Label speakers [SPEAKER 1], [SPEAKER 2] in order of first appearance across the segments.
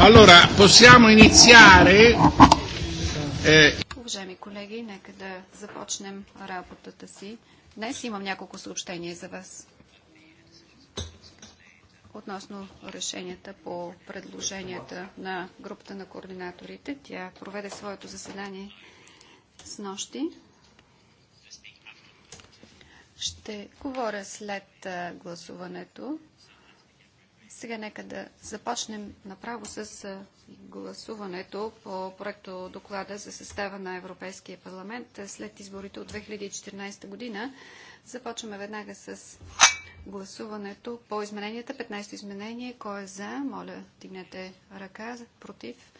[SPEAKER 1] Allora, possiamo iniziare? Eh,
[SPEAKER 2] Уважаеми колеги, нека да започнем работата си. Днес имам няколко съобщения за вас относно решенията по предложенията на групата на координаторите. Тя проведе своето заседание с нощи. Ще говоря след гласуването сега нека да започнем направо с гласуването по проекто доклада за състава на Европейския парламент след изборите от 2014 година. Започваме веднага с гласуването по измененията. 15 изменение. Кой е за? Моля, дигнете ръка. Против?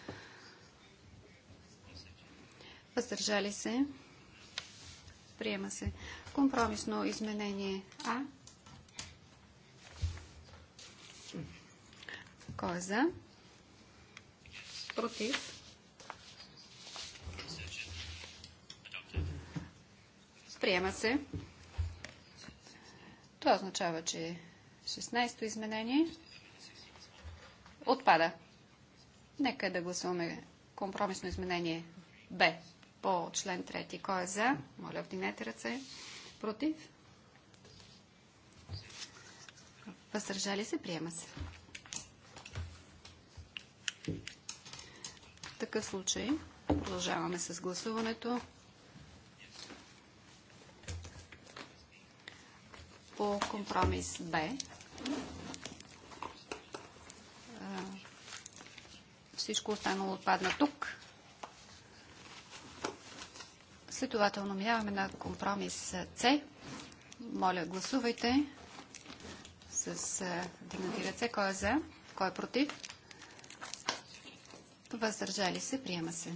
[SPEAKER 2] Въздържали се? Приема се. Компромисно изменение А. Кой е за? Против. Приема се. Това означава, че 16-то изменение отпада. Нека да гласуваме компромисно изменение Б по член 3. Кой е за? Моля, обдинете ръце. Против? Въздържали се? Приема се. В такъв случай продължаваме с гласуването. По компромис Б всичко останало отпадна тук. Следователно минаваме на компромис С. Моля, гласувайте с вдигнати ръце. Кой е за? Кой е против? въздържали се, приема се.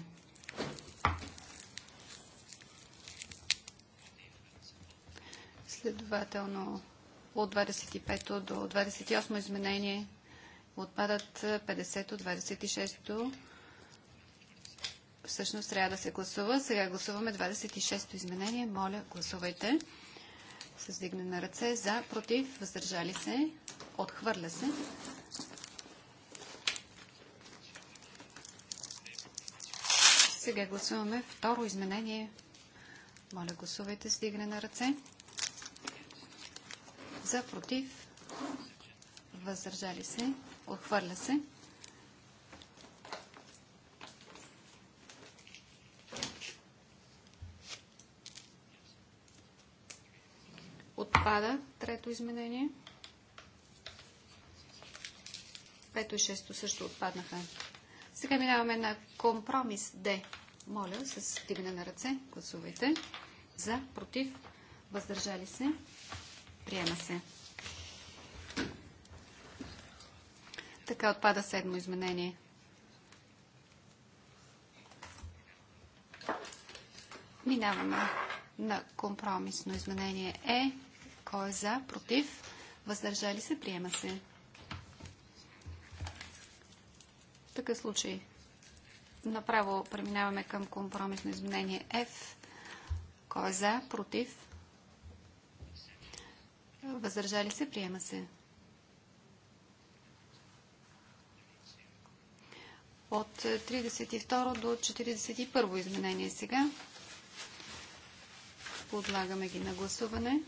[SPEAKER 2] Следователно от 25 до 28 изменение отпадат 50 до 26-то. Всъщност трябва да се гласува. Сега гласуваме 26-то изменение. Моля, гласувайте. С на ръце. За, против, въздържали се, отхвърля се. Сега гласуваме второ изменение. Моля, гласувайте с дигане на ръце. За, против, въздържали се, отхвърля се. Отпада трето изменение. Пето и шесто също отпаднаха. Сега минаваме на компромис Д. Моля, с вдигане на ръце, гласувайте. За, против, въздържали се, приема се. Така отпада седмо изменение. Минаваме на компромисно изменение Е. Кой е за, против, въздържали се, приема се. такъв случай направо преминаваме към компромисно изменение F. Кой е за? Против? Въздържали се? Приема се. От 32 до 41 изменение сега. Подлагаме ги на гласуване.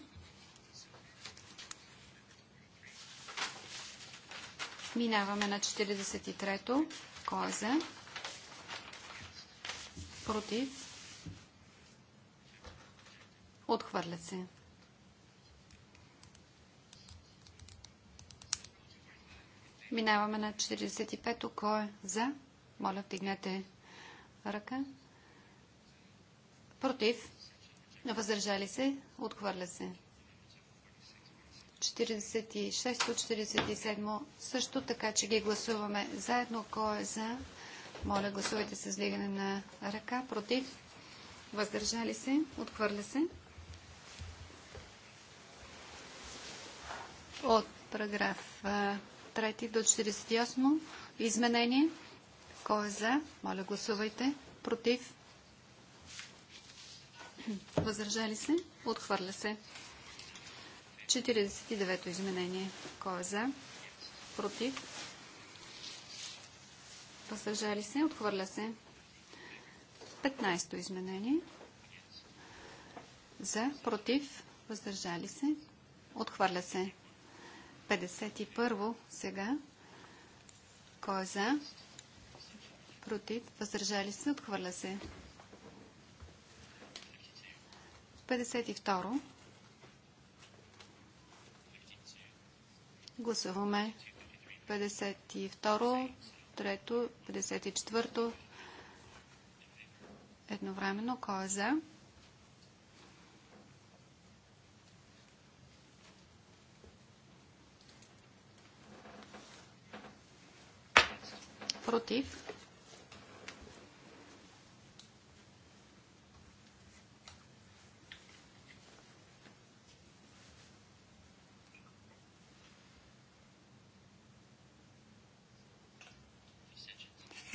[SPEAKER 2] Минаваме на 43-то. Кой е за? Против. Отхвърлят се. Минаваме на 45-то. Кой е за? Моля, втигнете ръка. Против. Въздържали се. Отхвърля се. 46-47 също, така че ги гласуваме заедно. Кой е за? Моля, гласувайте с вдигане на ръка. Против? Въздържали се? Отхвърля се? От параграф 3 до 48 изменение. Кой е за? Моля, гласувайте. Против? Въздържали се? Отхвърля се. 49-то изменение. Кой е за? Против? Въздържали се? Отхвърля се. 15-то изменение. За? Против? Въздържали се? Отхвърля се. 51-во сега. Кой е за? Против? Въздържали се? Отхвърля се. 52-ро. Гласуваме 52, ро 3, то 54 то едновременно. Кой е за? Против?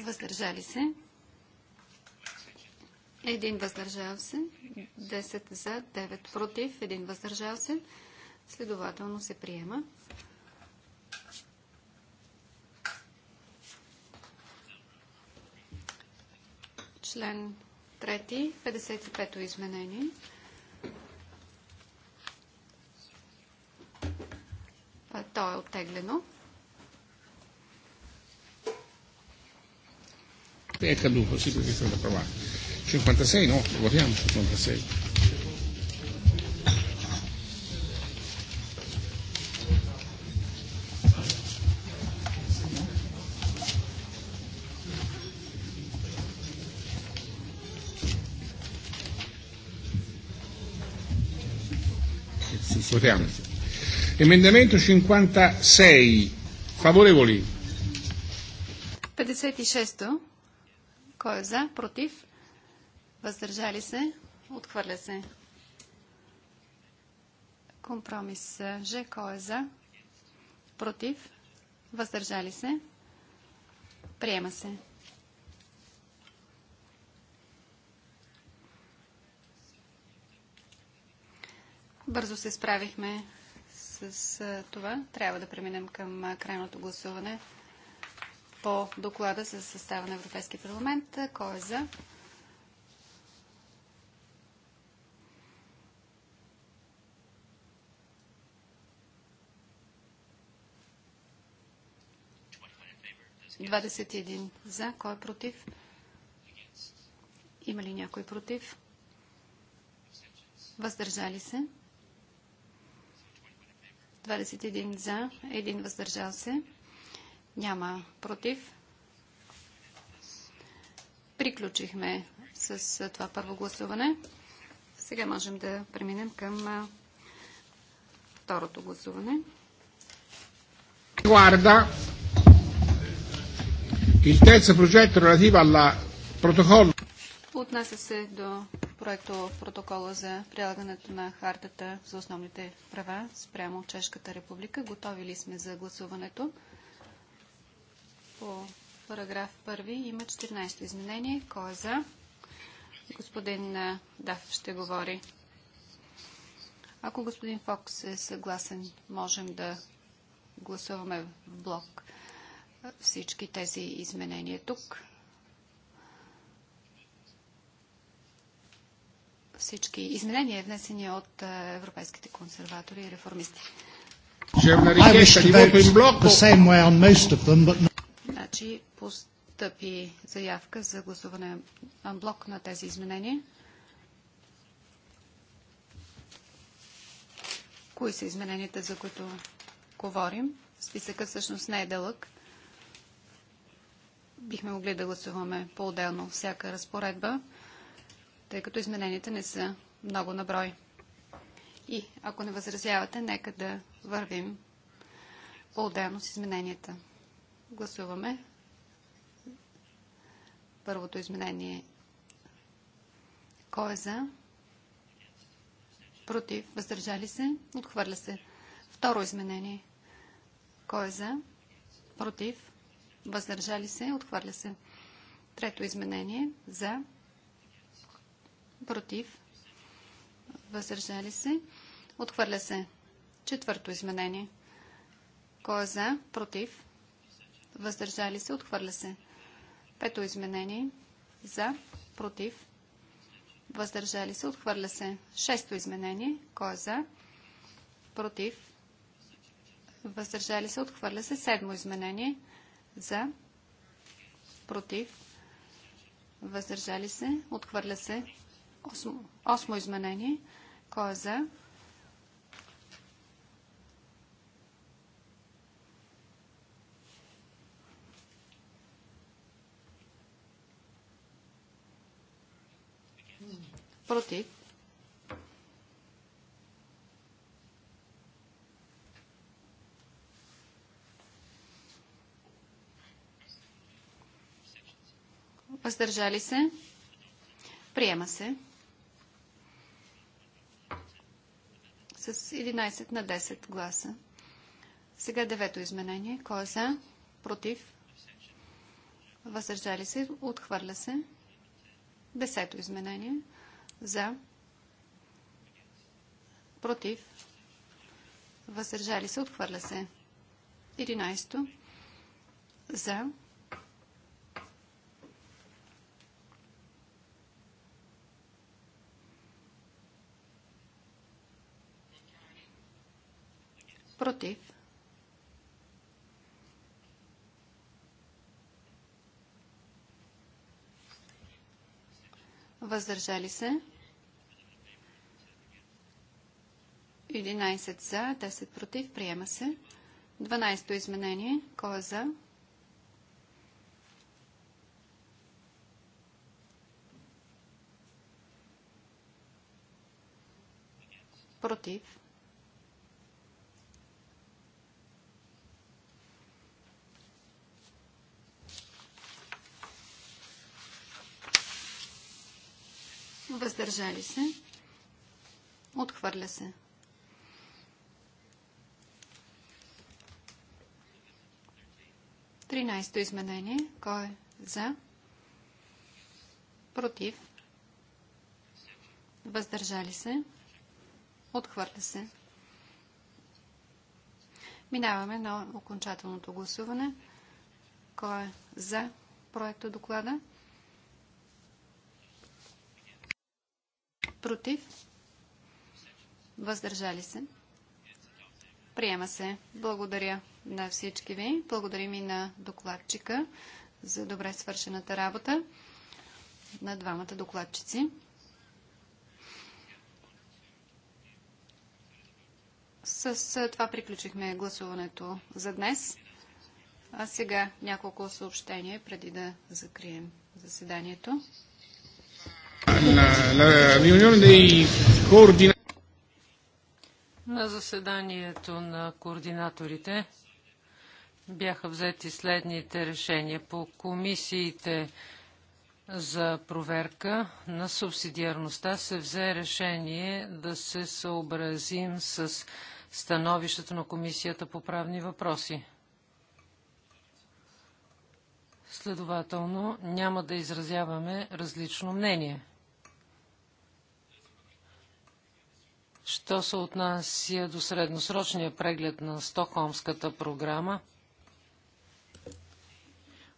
[SPEAKER 2] въздържали се. Един въздържал се, 10 за, 9 против, един въздържал се. Следователно се приема. Член 3, 55-то изменение. То е оттеглено.
[SPEAKER 1] è caduto, sì perché sono da provare.
[SPEAKER 2] 56 no, votiamo 56. Votiamo. Emendamento 56. Favorevoli. 56 кой е за? Против? Въздържали се? Отхвърля се. Компромис е, Ж. Кой е за? Против? Въздържали се? Приема се. Бързо се справихме с е, това. Трябва да преминем към е, крайното гласуване по доклада за състава на Европейския парламент. Е, кой е за? Двадесет и един за. Кой е против? Има ли някой против? Въздържали се? 21 за, 1 въздържал се. Няма против. Приключихме с това първо гласуване. Сега можем да преминем към второто гласуване. Guarda il terzo progetto relativo alla protocollo. Отнася се до проекто протокола за прилагането на хартата за основните права спрямо Чешката република. Готови ли сме за гласуването? по параграф 1 има 14 изменение. Кой е за? Господин Даф ще говори. Ако господин Фокс е съгласен, можем да гласуваме в блок всички тези изменения тук. Всички изменения, внесени от европейските консерватори и реформисти.
[SPEAKER 1] I wish to vote the same way on most of them, but
[SPEAKER 2] случай постъпи заявка за гласуване блок на тези изменения. Кои са измененията, за които говорим? Списъкът всъщност не е дълъг. Бихме могли да гласуваме по-отделно всяка разпоредба, тъй като измененията не са много на брой. И ако не възразявате, нека да вървим по-отделно с измененията. Гласуваме Първото изменение. Кой е за? Против. Въздържали се? Отхвърля се. Второ изменение. Кой е за? Против. Въздържали се? Отхвърля се. Трето изменение. За. Против. Въздържали се? Отхвърля се. Четвърто изменение. Кой е за? Против. Въздържали се? Отхвърля се. Пето изменение. За. Против. Въздържали се. Отхвърля се. Шесто изменение. Кой е за? Против. Въздържали се. Отхвърля се. Седмо изменение. За. Против. Въздържали се. Отхвърля се. Осмо, изменение. Кой е за? Против. Въздържали се. Приема се. С 11 на 10 гласа. Сега девето изменение. Кой е за? Против? Въздържали се? Отхвърля се. Десето изменение за, против, въздържали се, отхвърля се. 11 за, против, въздържали се, 11 за, 10 против, приема се. 12-то изменение, кой е за? Против. Въздържали се. Отхвърля се. 13-то изменение. Кой е за? Против. Въздържали се. Отхвърля се. Минаваме на окончателното гласуване. Кой е за проекта доклада? Против. Въздържали се. Приема се. Благодаря на всички ви. Благодарим и на докладчика за добре свършената работа на двамата докладчици. С това приключихме гласуването за днес. А сега няколко съобщения преди да закрием заседанието.
[SPEAKER 1] La, la riunione dei coordinatori на заседанието на координаторите бяха взети следните решения по комисиите за проверка на субсидиарността се взе решение да се съобразим с становището на Комисията по правни въпроси. Следователно, няма да изразяваме различно мнение. Що се отнася до средносрочния преглед на Стокхолмската програма,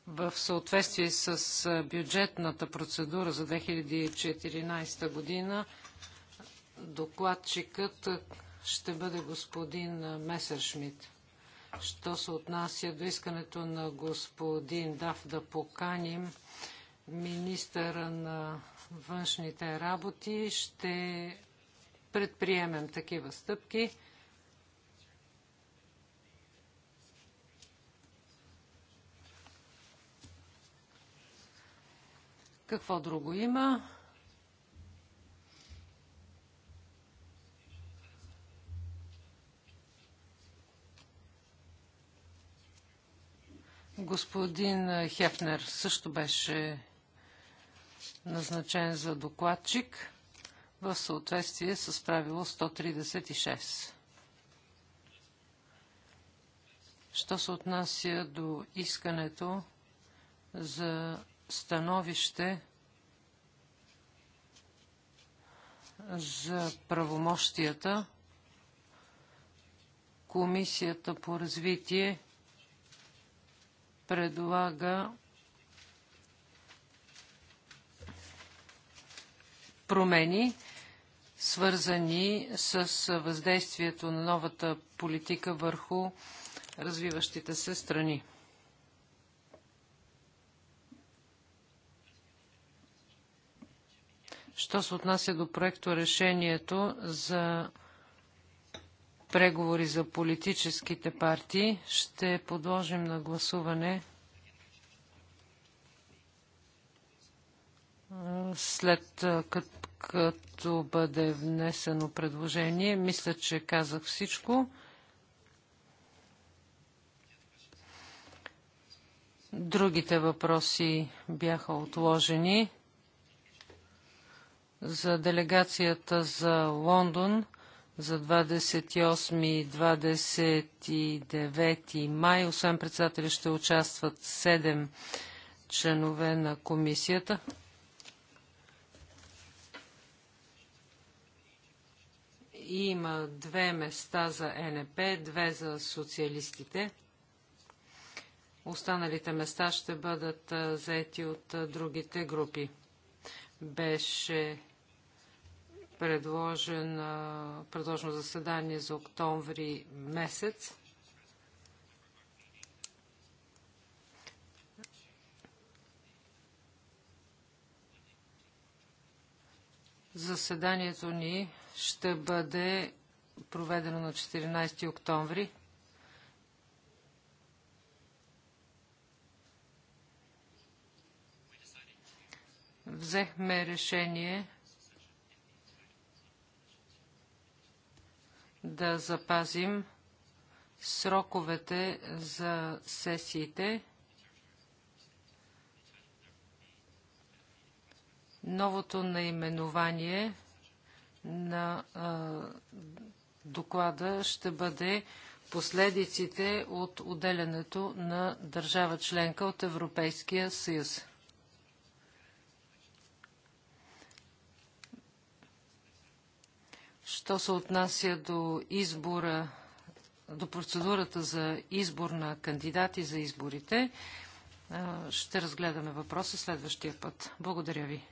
[SPEAKER 1] в съответствие с бюджетната процедура за 2014 година, докладчикът ще бъде господин Месершмит. Що се отнася до искането на господин Дав да поканим министъра на външните работи, ще предприемем такива стъпки. Какво друго има? Господин Хефнер също беше назначен за докладчик в съответствие с правило 136. Що се отнася до искането за становище за правомощията, Комисията по развитие предлага промени свързани с въздействието на новата политика върху развиващите се страни. Що се отнася до проекто решението за преговори за политическите партии, ще подложим на гласуване след като като бъде внесено предложение. Мисля, че казах всичко. Другите въпроси бяха отложени. За делегацията за Лондон за 28 и 29 май, освен председателя, ще участват 7 членове на комисията. има две места за НП, две за социалистите. Останалите места ще бъдат заети от другите групи. Беше предложен, предложено заседание за октомври месец. Заседанието ни ще бъде проведено на 14 октомври. Взехме решение да запазим сроковете за сесиите. Новото наименование на а, доклада ще бъде последиците от отделянето на държава членка от Европейския съюз. Що се отнася до избора, до процедурата за избор на кандидати за изборите, ще разгледаме въпроса следващия път. Благодаря ви.